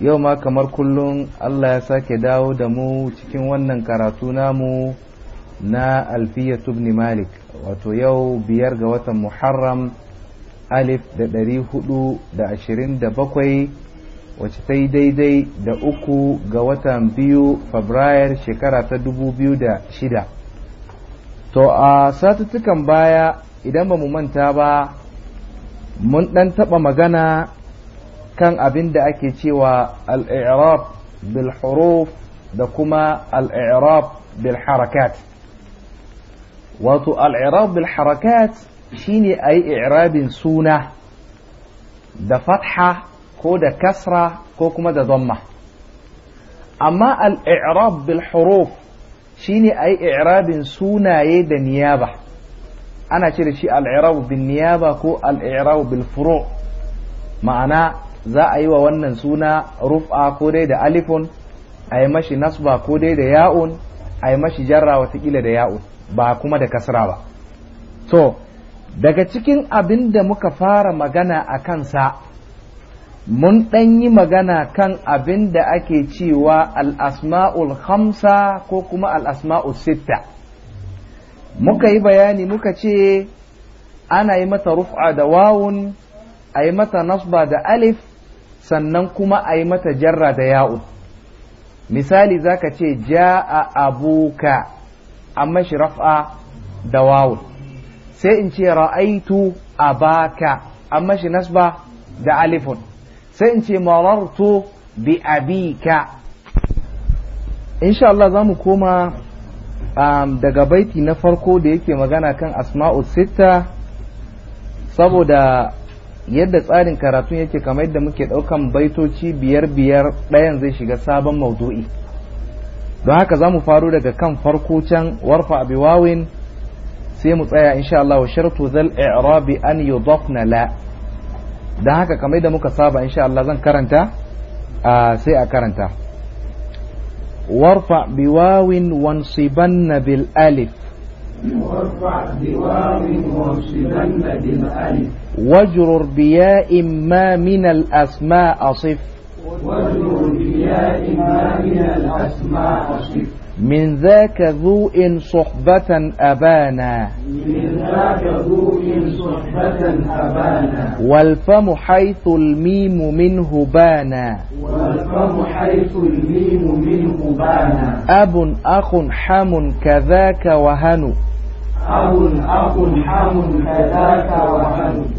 yau ma kamar kullum Allah ya sake dawo da mu cikin wannan karatu namu na alfiya tubni malik wato yau biyar ga watan muharram alif da ɗari hudu da ashirin da bakwai wacce ta yi daidai da uku ga watan biyu fabrayar shekara ta dubu biyu da shida to a satuttukan baya idan ba mu manta ba mun ɗan taɓa magana kan abin da ake cewa al-i'rab bil da kuma al-i'rab bil harakat wato al-i'rab bil harakat shine ayi i'rabin suna da fatha ko da kasra ko kuma da dhamma amma al-i'rab bil huruf shine ayi i'rabin sunaye da niyaba ana ce da shi al-i'rab bin niyaba ko al-i'rab bil ma'ana za a yi wa wannan suna rufa ko dai da alifun a yi mashi nasba ko dai da ya'un a yi mashi jarra watakila da ya'un ba kuma da kasra ba to daga cikin abin da muka fara magana a kansa mun ɗan yi magana kan abin da ake cewa al'asma'ul hamsa ko kuma al'asma'ul sitta muka yi bayani muka ce ana yi mata rufa da wawun a yi mata nasba da alif sannan kuma a yi mata jarra da ya'u misali zaka ce ja'a abuka amma shi raf'a da wawu sai in ce ra'aitu abaka amma shi nasba da alifun sai in ce marartu bi abika insha Allah zamu koma um, daga baiti na farko da yake magana kan asma'u sitta saboda yadda tsarin karatun yake kamar yadda muke ɗaukan baitoci biyar biyar ɗayan zai shiga sabon maudu'i don haka za mu faru daga kan farko can warfa abi wawin sai mu tsaya insha Allah wa shartu zal i'rabi an yudafna la don haka kamar yadda muka saba insha Allah zan karanta sai a karanta warfa bi wawin wansibanna bil alif warfa bi wawin wansibanna bil alif واجرر بياء ما من الأسماء أصف من ذاك ذوء صحبة أبانا من ذاك ذوء صحبة أبانا والفم حيث الميم منه بانا والفم حيث الميم منه بانا أب أخ حم كذاك وهنو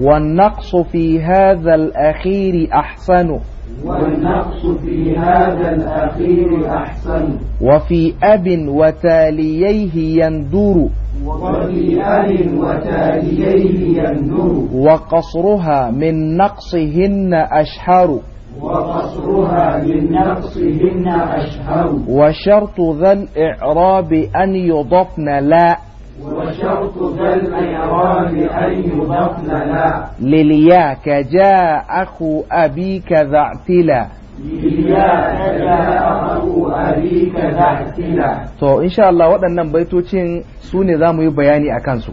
والنقص في هذا الأخير أحسن والنقص في هذا الأخير أحسن وفي أب وتاليه يندر وفي أب وتاليه يندر وقصرها من نقصهن أشهر وقصرها من نقصهن أشهر وشرط ذا الإعراب أن يضفن لا وشرط ذا الميران أن يضفن لا لليا كجاء أخو أبيك ذا اعتلا لليا كجاء أخو أبيك ذا اعتلا so إن شاء الله waɗannan baitocin su ne za mu yi bayani a kansu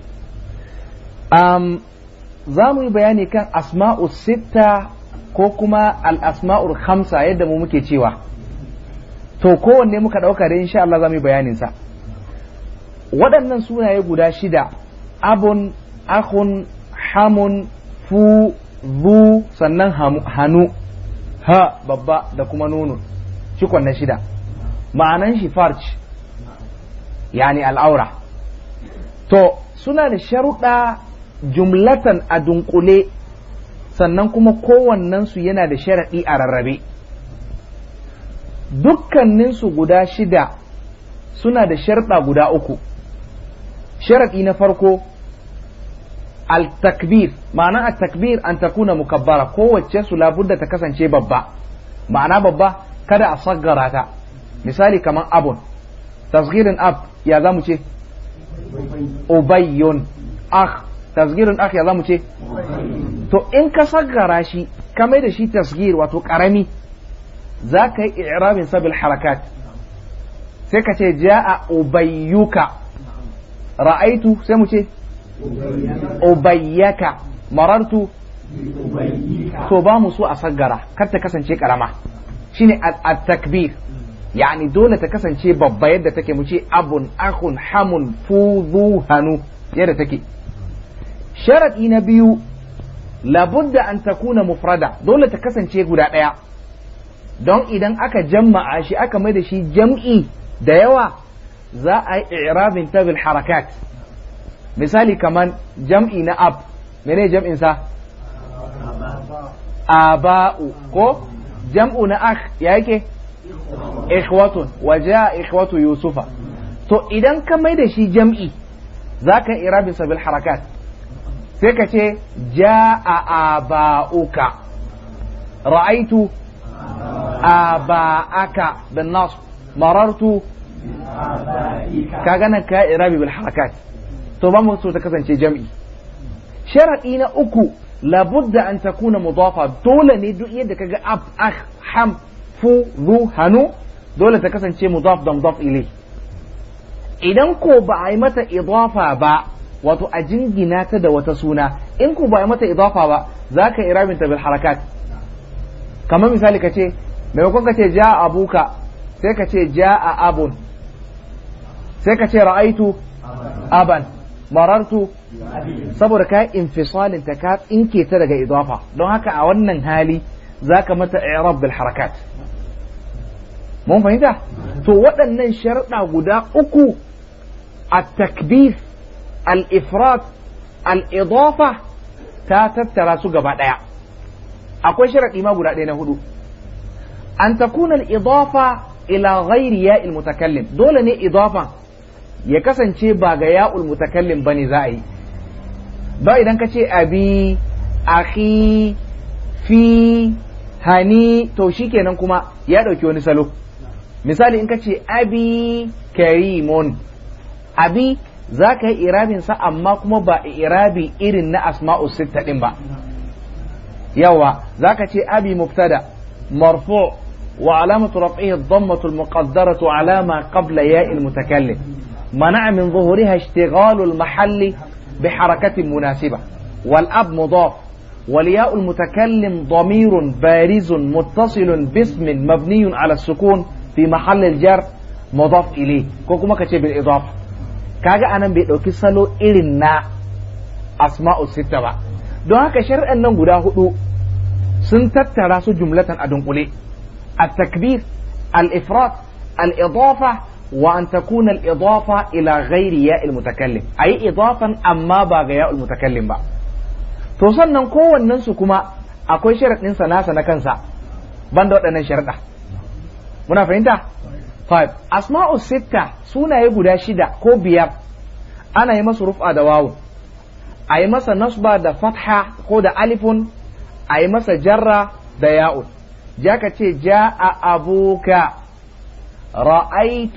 um, za mu yi bayani kan asma'u sitta ko kuma al'asma'ur hamsa yadda mu muke cewa to kowanne muka ɗaukare insha Allah za mu yi bayaninsa waɗannan sunaye guda shida abun akun, hamun fu zu sannan hannu ha babba da kuma nono cikon na shida ma'anan shi farc yani al'aura to suna da sharuɗa jumlatan a dunkule sannan kuma kowannensu yana da sharaɗi a rarrabe dukkaninsu guda shida suna da sharɗa guda uku sharaɗi na farko altakbir ma'ana al-takbir an takuna mukabbara kowace su labudda ta kasance babba ma'ana babba kada a saggara ta misali kamar abun tasgirin ab ya mu ce ubayyun akh tasgirin akh ya mu ce to in ka saggara shi ka mai da shi tasgir wato karami za ka yi i'rabin sabil harakat sai ka ce ja'a ubayyuka ra'aitu sai mu ce ubayyaka marartu to ba mu so a saggara kar ta kasance karama shine at-takbir yani dole ta kasance babba yadda take mu ce abun akhun hamun fudu hanu yadda take sharadi na biyu labudda an takuna mufrada dole ta kasance guda daya don idan aka jamma'a shi aka mai da shi jam'i da yawa za a yi i'rabin ta bil harakat misali kaman jam'i na ab mene jam'in sa aba'u ko jam'u na akh ya yake ikhwatun a ikhwatu yusufa to idan ka mai da shi jam'i za ka yi i'rabin sa bil harakat sai ka ce ja'a aba'uka ra'aitu aba'aka bin nasu. marartu kaga nan ka irabi bil harakat to ba mu so ta kasance jam'i sharadi na uku labudda an takuna mudafa dole ne duk yadda kaga ab akh ham fu zu hanu dole ta kasance mudaf da mudaf ilai idan ko ba a yi mata idafa ba wato a jingina ta da wata suna in ko ba a yi mata idafa ba za ka irabin ta bil harakat kamar misali ka ce maimakon ka ce ja abuka sai ka ce ja a abun sai ka ce ra'aitu aban marartu saboda ka infisalin ta ka tsinke ta daga idafa don haka a wannan hali zaka mata i'rab bil harakat mun fahimta to waɗannan sharuɗa guda uku at-takbif al-ifrat al-idafa ta tattara su gaba ɗaya akwai sharaɗi ma guda ɗaya na hudu an takuna al-idafa ila ghairi ya mutakallim dole ne idafan ya kasance ba ga ya'ul mutakallim bane za a yi ba idan ka ce abi akhi fi hani to shikenan kuma ya ɗauki wani salo misali in ka ce abi karimun abi za ka yi irabinsa amma kuma ba irabi irin na asma'u sitta ɗin ba yawa za ka ce abi mubtada marfu wa alamatu raf'ihi dhammatu al-muqaddaratu ala qabla ya'i mutakallim منع من ظهورها اشتغال المحل بحركة مناسبة والأب مضاف ولياء المتكلم ضمير بارز متصل باسم مبني على السكون في محل الجر مضاف إليه كوكما كتب بالإضافة كاجا أنا بيدوكي كسلو إلنا أسماء الستة بقى دوها كشر أن nan guda hudu sun tattara التكبير الإفراط الإضافة وان تكون الاضافه الى غير ياء المتكلم اي اضافه اما باغ ياء المتكلم با تو sannan kowannen su kuma akwai sharadin sa nasa na kansa banda wadannan sharada muna fahimta five asma'u sitta sunaye guda shida ko biyar ana yi masu rufa da wawu a masa nasba da fatha ko da alifun a masa jarra da ya'ud ya ka ce ja a abuka رأيت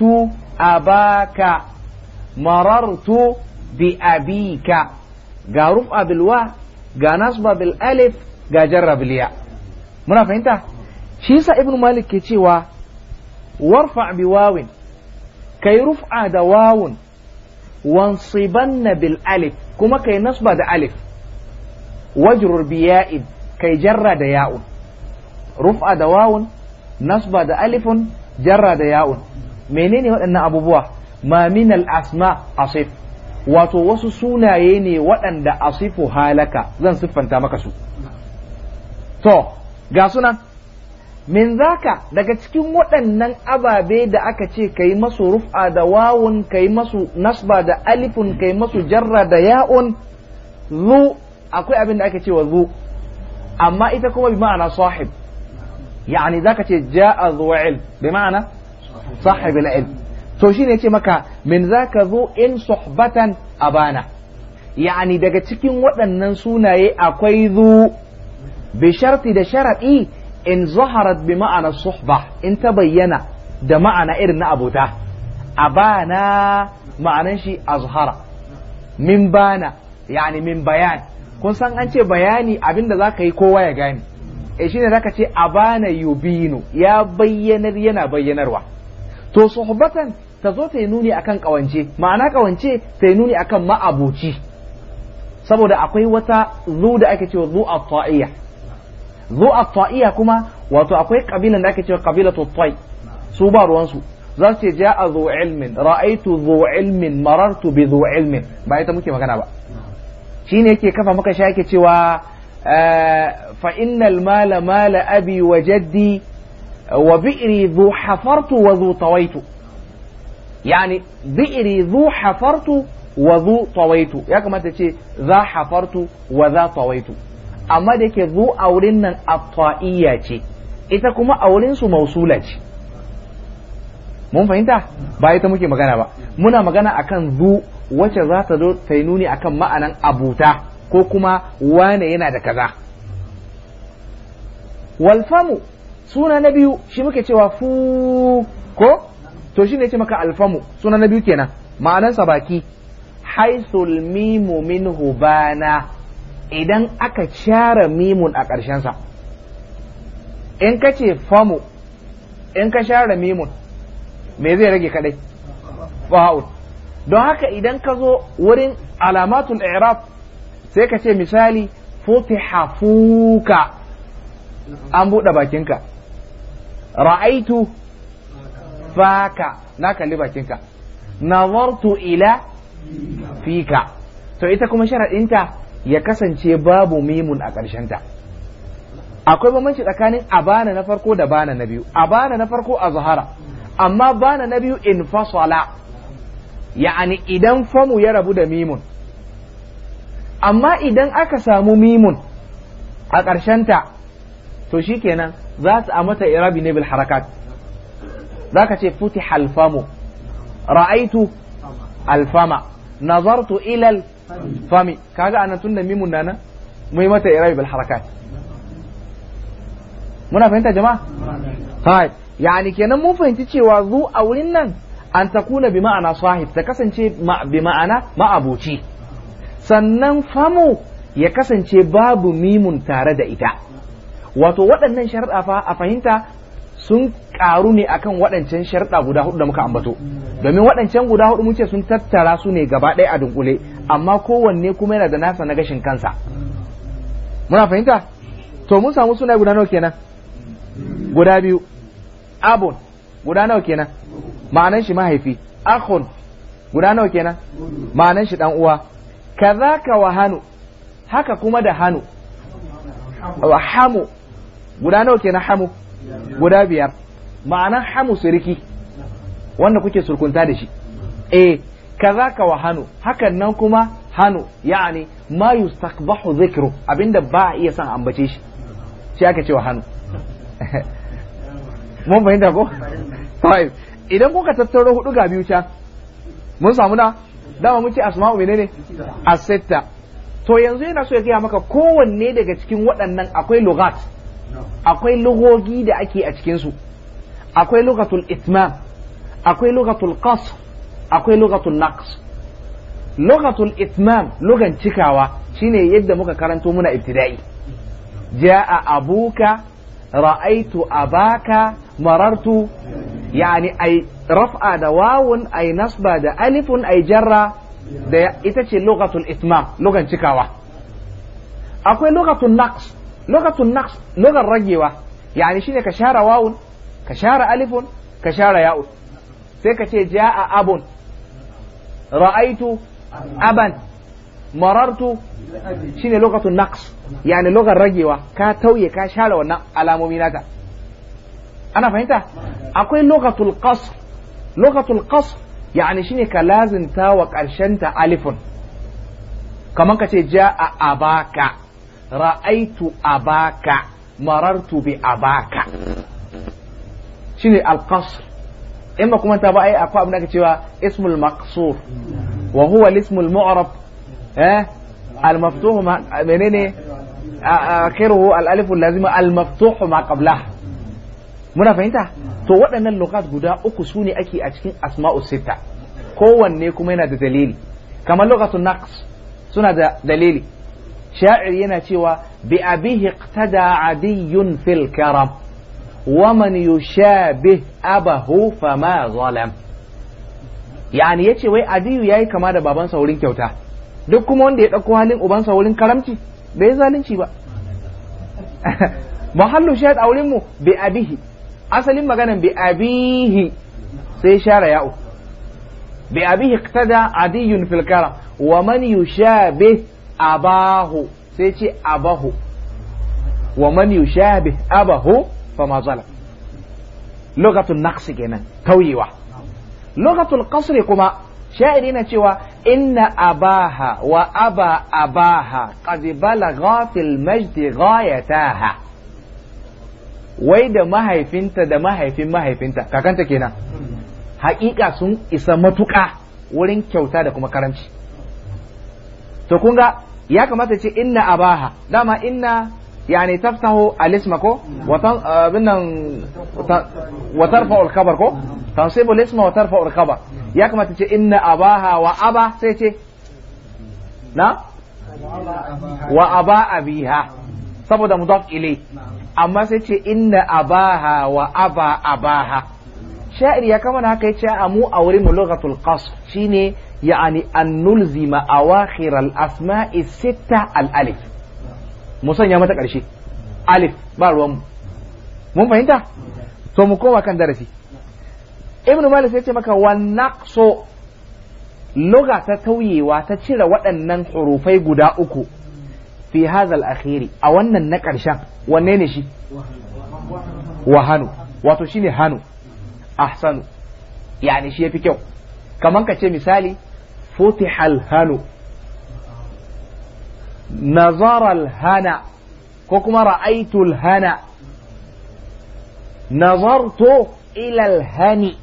أباك مررت بأبيك قارف بالوا قنصب بالألف جا قجر بالياء منافع انت شيسا ابن مالك كتوا وارفع بواو كي رفع دواو وانصبن بالألف كما كي نصب دألف وجر بيائب كي جر دياء رفع دواو نصب دألف jarra da ya'un menene waɗannan abubuwa Maminal asma asif wato wasu sunaye ne waɗanda asifu halaka zan siffanta maka su to ga sunan min zaka daga cikin waɗannan ababe da aka ce kai masu rufa da wawun kai masu nasba da alifun kai masu jarra da ya'un zu akwai abin da ake cewa zu amma ita kuma bi ma'ana sahib yani zaka ce ja'a zuwa'il bi ma'ana sahibul ilm to shine yace maka min zaka zo in suhbatan abana yani daga cikin waɗannan sunaye akwai zu bi sharti da sharadi in zaharat bi ma'ana suhba in ta bayyana da ma'ana irin na abota abana ma'anan shi azhara min bana yani min bayan kun san an ce bayani abinda zaka yi kowa ya gane Eh, e da zaka ce a bana yubinu ya bayyanar yana bayyanarwa to suhbatan ta zo ta yi nuni akan kawance ma'ana kawance ta yi nuni akan ma'abuci saboda akwai wata zu da ake cewa zu at zu kuma wato akwai kabilan da ake cewa qabilatu at su ba ruwan su za su ce ja'a zu ilmin ra'aitu zu ilmin marartu bi zu ilmin ba ita muke magana ba shine yake kafa maka shi yake cewa فإن المال مال أبي وجدي وبئري ذو حفرت وذو طويت يعني بئري ذو حفرت وذو طويت يا كما تشي ذا حفرت وذا طويت أما ديك ذو أورنا الطائية ita kuma aurinsu mausula ce mun fahimta ba ita muke magana ba muna magana akan zu wacce za ta zo ta yi nuni akan ma'anan abuta ko kuma wane yana da kaza walfamu suna na biyu shi muke cewa fu ko to shi ne ce maka alfamu suna na biyu kenan ma'anansa baki haisul mimu min hubana idan aka share mimun a ƙarshensa in ka ce famu in ka share mimun me zai rage kadai fa'ul don haka idan ka zo wurin alamatul i'rab sai ka ce misali futiha fuka an buɗe bakinka ra'aitu faka na kalli bakinka nazartu ila fika to ita kuma sharaɗinta ya kasance babu mimun a ƙarshenta akwai bambanci tsakanin abana na farko da bana na biyu abana na farko a zahara amma bana na biyu in fasala ya'ani idan famu ya rabu da mimun amma idan aka samu mimun a ta to shi kenan, za su a mata irabi ne bil harakat za ka ce futi halfamu ra'aitu alfama nazartu ilal fami kaga anan da mimun nana mai mata irabi bil harakat muna fahimta jama'a hai yani kenan mun fahimci cewa zu a wurin nan an takuna bi ma'ana sahib ta kasance bi ma'ana ma'abuci sannan famu ya kasance babu mimun tare da ita wato waɗannan sharɗa fa a fahimta sun ƙaru ne akan waɗancan sharɗa guda hudu da muka ambato domin waɗancan guda hudu muke sun tattara su ne gaba ɗaya a dunkule amma kowanne kuma yana da nasa na gashin kansa muna fahimta to mun samu suna guda nawa kenan guda biyu abun guda nawa kenan ma'anan shi mahaifi akhun guda nawa kenan ma'anan shi dan uwa kazaka wa hannu haka kuma da hannu. wa hamu guda nawa kenan hamu guda biyar ma'ana hamu surki wanda kuke surkunta da shi eh kazaka wa hannu hakan nan kuma hannu yani ma yustaqbahu dhikru abinda ba a iya san ambace shi shi aka ce wa hannu? mun fahimta ko idan kuka tattaro hudu ga biyu can mun samu na dama muke asma'u menene asitta to yanzu yana so ya gaya maka kowanne daga cikin waɗannan akwai lugat akwai lugogi da ake a cikin su akwai lugatul itmam akwai lugatul qasr akwai lugatul naqs lugatul itmam lugan cikawa shine yadda muka karanto muna ibtida'i ja'a abuka ra'aitu abaka marartu yani ai raf'a da wawun ai nasba da alifun ai jarra da ita ce lugatul itmam lugan cikawa akwai lugatul naqs lugatul naqs lugan ragewa yani shine ka share wawun ka alifun ka share sai kace ja a abun ra'aitu aban marartu ne lokacin naqs yani lokacin ragewa ka tauye ka share wannan alamomi naka ana fahimta akwai lokacin qasr lokacin kas yani shine ka lazinta wa karshen ta alifun Kamar ka ce a abaka ra'aitu abaka marartu bi abaka shine ne qasr in ba kuma ta ba ai akwai abin da ka cewa ismul maqsur wa huwa al-ismul mu'rab eh al-maftuhu menene akhiruhu lazima al muna fahimta to waɗannan lokat guda uku su ne ake a cikin asma'u sita kowanne kuma yana da dalili kamar lokacin naqs suna da dalili sha'ir yana cewa bi abihi iqtada adiyun fil karam wa man yushabih abahu fama zalam yani yace wai adiyu yayi kama da babansa wurin kyauta duk kuma wanda ya ɗauko halin ubansa wurin karamci bai zalunci ba muhallu shahid a wurin mu bi abihi asalin maganan bi abihi sai shara ya'u bi abihi da adiyun filkara. wa man yushabih abahu sai ce abahu wa man yushabih abahu ma zalam lugatul naqs kenan tauyewa lugatul qasr kuma sha'iri na cewa inna abaha wa aba abaha ƙazibala gafil majdi ghayataha wai da mahaifinta da mahaifin mahaifinta kakanta kenan haƙiƙa sun isa matuƙa wurin kyauta da kuma karanci to kun ga ya kamata ce inna abaha dama inna يعني تفتح الاسم كو آه، وترفع الخبر كو تنصيب الاسم وترفع الخبر يكما تتي إن أباها وأبا سيتي نعم وأبا أبيها سبو دا مضاف إلي أما سيتي إن أباها وأبا أباها شائر يكما ناكا يتي أمو أوريم لغة القصر شيني يعني أن نلزم أواخر الأسماء الستة الألف mu sanya mata ƙarshe alif ba ruwanmu mun fahimta to mu koma kan darasi ibn malik ya ce maka wa naqsu loga ta tauyewa ta cire waɗannan hurufai guda uku fi hazal akhiri a wannan na ƙarshen wanne ne shi wa hanu wato shine hanu ahsanu yani shi yafi kyau kaman ka ce misali futihal hanu نظر الهنا كما رأيت الهنا نظرت إلى الهني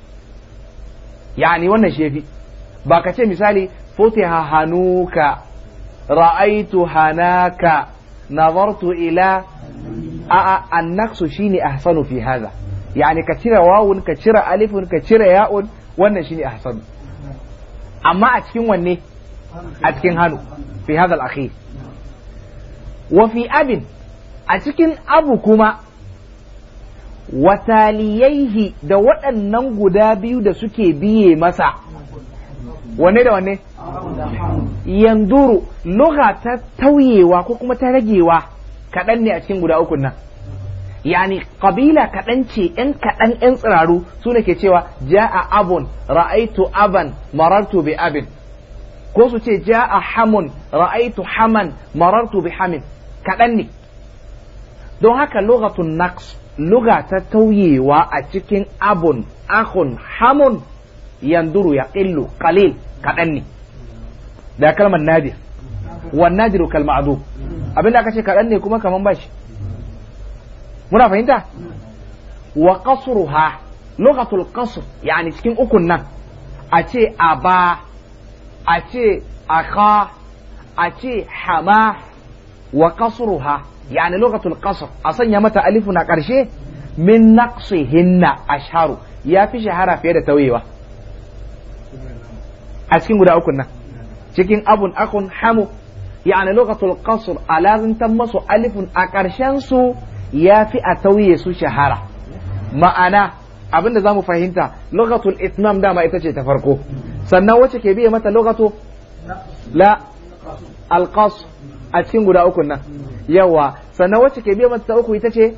يعني وانا شيفي باكا شيء مثالي فتح هنوك رأيت هناك نظرت إلى آه، آه، النقص شيني أحسن في هذا يعني كثير واو كثير ألف كثير ياء وانا شيني أحسن أما أتكين واني أتكين هنو في هذا الأخير Wafi abin a cikin abu kuma wataliyaihi da waɗannan guda biyu da suke biye masa wane da wane Yanduru lugha ta tauyewa ko kuma ta ragewa kaɗan ne a cikin guda ukun nan yani kabila kaɗan ce ‘yan kaɗan ‘yan tsiraru su ne ke cewa ja a abun ra'aitu aban marartu bi abin ko su ce ja a hamun ra'aitu haman marartu bi hamin kaɗan ne don haka lugatun naqs luga ta tauyewa a cikin abun ahun hamun yanduru ya illu qalil kaɗan ne da kalmar nadir wa nadiru kal ma'dum abinda aka ce kaɗan ne kuma kaman bashi muna fahimta wa qasruha lughatul qasr yani cikin ukun nan a ce aba a ce aka a ce hama wa kasruha yani lughatul qasr a sanya mata alifu na ƙarshe min hinna asharu ya fi shahara fiye da tawayewa a cikin guda uku nan cikin abun akun hamu yani lokacin qasr a tammasu alifun a ƙarshen su ya fi a tauye su shahara ma'ana abin da zamu fahimta lokacin itmam dama ita ce ta farko sannan wacce ke biye mata lughatu la alqasr a cikin guda uku nan yawa sannan wacce ke biya mata uku ita ce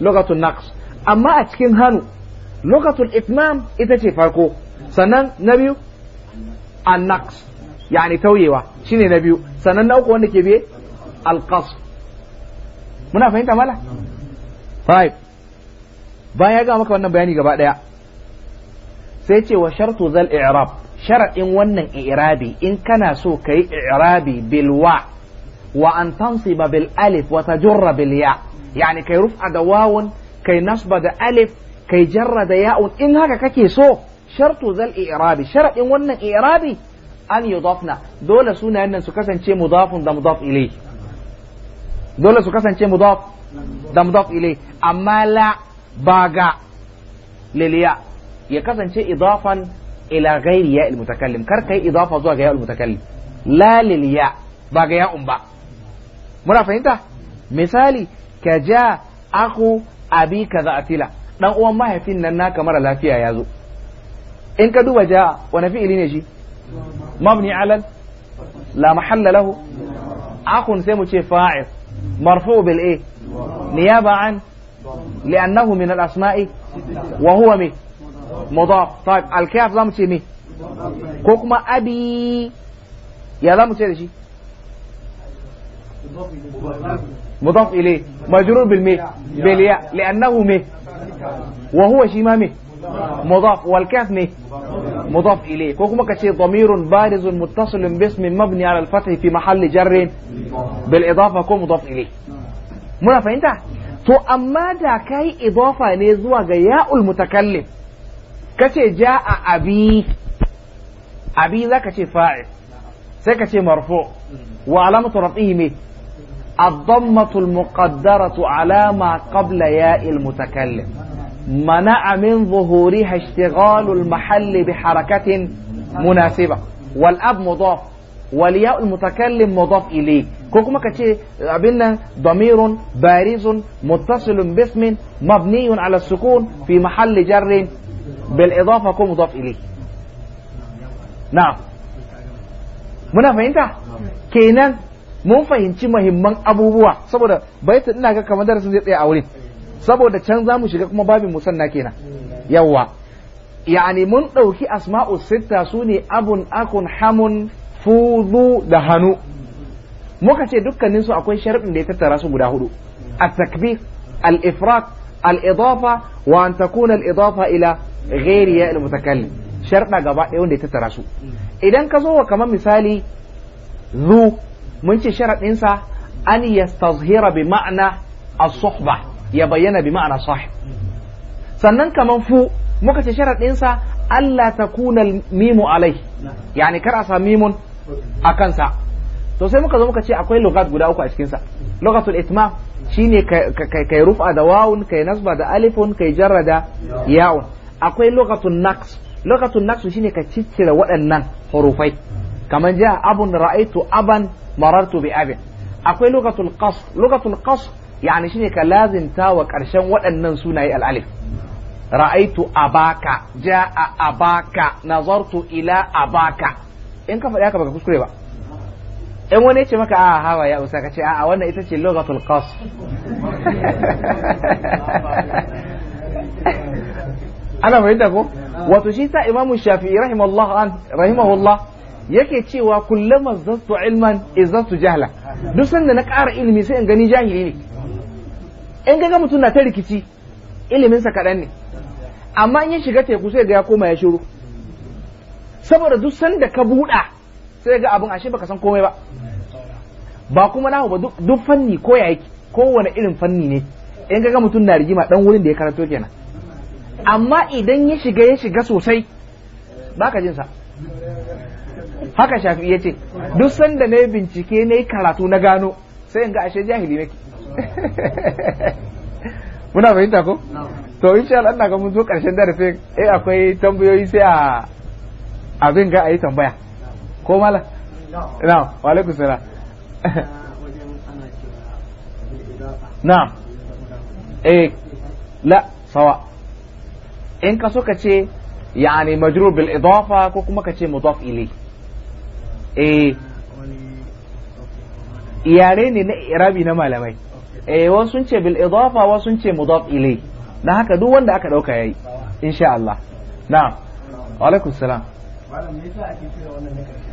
lokacin naqs amma a cikin hannu lokacin itmam ita ce farko sannan na biyu an naqs yani tauyewa shine na biyu sannan na uku wanda ke biye alqasr muna fahimta mala five bayan ya ga maka wannan bayani gaba daya sai ce wa shartu zal i'rab sharaɗin wannan i'rabi in kana so kai i'rabi bilwa وأن تنصب بالألف وتجر بالياء يعني كي رفع دواو كي نصب دا ألف كي جر دا ياء إن هكا كي سو شرط ذا الإعرابي شرط إن ونن إعرابي أن يضافنا دولة سونا أن سكسن شيء مضاف دا مضاف إليه دولة سكسن شيء مضاف دا مضاف إليه أما لا باقى للياء يكسن شيء إضافا إلى غير ياء المتكلم كركي إضافة زوجة ياء المتكلم لا للياء باقى ياء با muna fahimta misali ka ja aku abi kaza atila dan uwan mahaifin nan naka mara lafiya ya zo in ka duba ja wani fi'ili ne shi mabni alal la mahalla lahu akun sai mu ce fa'il marfu bil a niyaba an li'annahu min al asma'i wa huwa mi mudaf طيب الكاف zamu ce mi ko kuma abi ya zamu ce da shi مضاف إليه مجرور بالماء بالياء لأنه ماء وهو شيء ما مضاف والكاف ماء مضاف إليه كوكما كشي ضمير بارز متصل باسم مبني على الفتح في محل جر بالإضافة كو مضاف إليه منا فإنت تو أما دا كاي إضافة idafa ne zuwa المتكلم ya'ul mutakallim أبي ابي ja a abi abi za ka ce fa'il sai الضمة المقدرة على ما قبل ياء المتكلم منع من ظهورها اشتغال المحل بحركة مناسبة والأب مضاف والياء المتكلم مضاف إليه كوكما كتشي قابلنا ضمير بارز متصل باسم مبني على السكون في محل جر بالإضافة كو مضاف إليه نعم منافع انت نعم. كينان mun fahimci muhimman abubuwa saboda baitin ina ga kamar darasin zai tsaya a wurin saboda can za mu shiga kuma babin musanna kenan yawa yani mun ɗauki asma'u sitta su ne abun akun hamun fuzu da hannu muka ce dukkanin su akwai sharɗin da ya tattara su guda hudu at-takbir al-ifrat al-idafa wa an takuna al-idafa ila ghairi ya al-mutakallim sharɗa gaba ɗaya wanda ya tattara su idan ka zo wa kamar misali zu mun ce sharaɗinsa an tazhira bi ma'ana a suhba ya bayyana bi ma'ana sahib sannan kamar fu muka ce sharaɗinsa Allah ta kuna mimu alai yani kar a sami mimun a kansa to sai muka zo muka ce akwai lugat guda uku a cikinsa lugatul shi ne kai rufa da wawun kai nasba da alifun kai jarra da yawun akwai lugatul naqs lugatul naqs shine ka ciccire waɗannan hurufai kaman jiya abun ra'aitu aban marartu bi abin akwai lugatul qas lugatul qas yani shine ka lazimta wa karshen waɗannan sunaye al-alif ra'aitu abaka ja'a abaka nazartu ila abaka in ka faɗi haka baka kuskure ba in wani ce maka a hawa ya usa ka ce a wannan ita ce lugatul qas. ana fahimta ko wato shi sa imamu shafi'i rahimahullah an rahimahullah yake cewa kullama zattu ilman izastu jahla duk sanda na ƙara ilimi sai in gani jahili ne in ga mutum na ta rikici iliminsa kaɗan ne amma in ya shiga teku sai ga ya koma ya shiru saboda duk sanda ka buɗa sai ga abin ashe baka san komai ba ba kuma nahu ba duk fanni ko ya yake kowane irin fanni ne in ga mutum na rigima dan wurin da ya karanto kenan amma idan ya shiga ya shiga sosai baka jin sa haka shafi ya ce duk sanda na bincike na yi karatu na gano sai in ga ashe jahili nake muna fahimta ko to in Allah ina ga mun zo karshen darasin eh akwai tambayoyi sai a abin ga ayi tambaya ko mala na wa alaikum salam na eh la sawa in ka so ka ce yani majrur bil idafa ko kuma ka ce mudaf ilayhi iyare eh. ne na irabi na malamai eh wasu sun ce bil idafa wasu sun ce mudaf ilai dan haka duk wanda aka dauka yayi insha Allah na'am wa alaikum salam malam me yasa ake cewa wannan ne karshe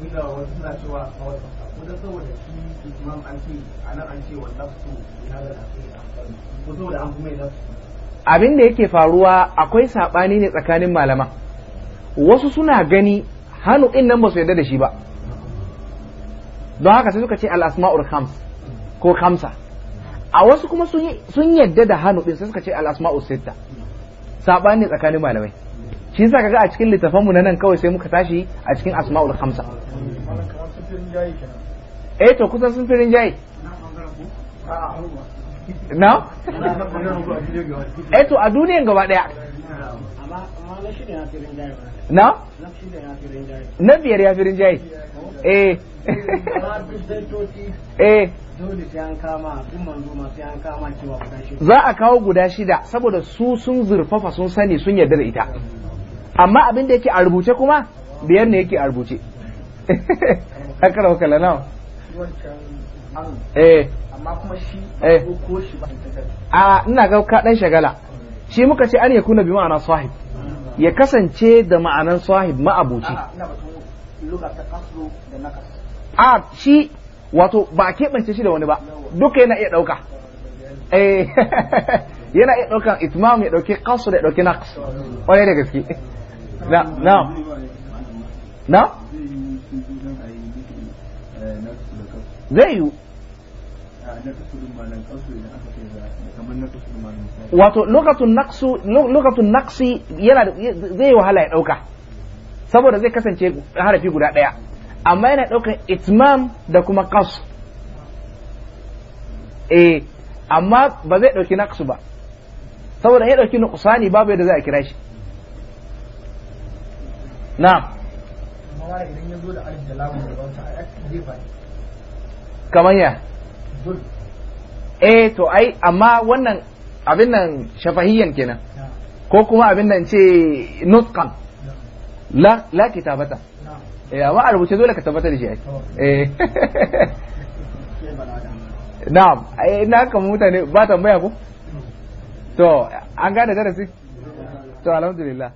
kila wasu suna cewa kuma saboda shi imam an ce anan an ce wannan su ina da ko saboda an kuma yi abin da yake faruwa akwai sabani ne tsakanin malaman wasu suna gani hannu ɗin nan ba su yadda da shi ba don haka sai suka ce al'asma'ul khams ko khamsa a wasu kuma sun yadda da hannu ɗin sai suka ce al'asma'ul sitta saɓani tsakanin malamai shi yasa kaga a cikin littafanmu na nan kawai sai muka tashi a cikin asma'ul khamsa eh to kusan sun fi rinjaye na? Eto eh, to a duniyan gaba ɗaya na na biyar ya fi rinjaye eh eh za a kawo guda shida saboda su sun zurfafa sun sani sun yarda da ita amma abin da yake a rubuce kuma biyar ne yake a rubuce akara wakala nawa eh amma kuma shi eh. ko shi ba a ina ga kaɗan shagala shi muka ce an yakuna bi ma'ana sahib ya kasance da ma'anan sahib ma'abuci a shi wato ba a keɓance shi da wani ba duka yana iya ɗauka yana iya ɗaukan itmam ya ɗauke kasu da ya ɗauki naqs ƙwarai da gaske na na na zai yi. wato lokacin naqsu lokacin naqsi yana zai wahala ya dauka saboda zai kasance harafi guda daya amma yana daukan itmam da kuma qas eh amma ba zai dauki naqsu ba saboda ya dauki nuqsani babu yadda za a kira shi na'am kamar ya eh to ai amma wannan abin nan shafahiyan kenan ko kuma abin nan ce nutqan la la kitabata eh amma a rubuce dole ka tabbatar da shi ai oh, eh. na'am ai na kan mutane ba tambaya ko mm. to an gane darasi to alhamdulillah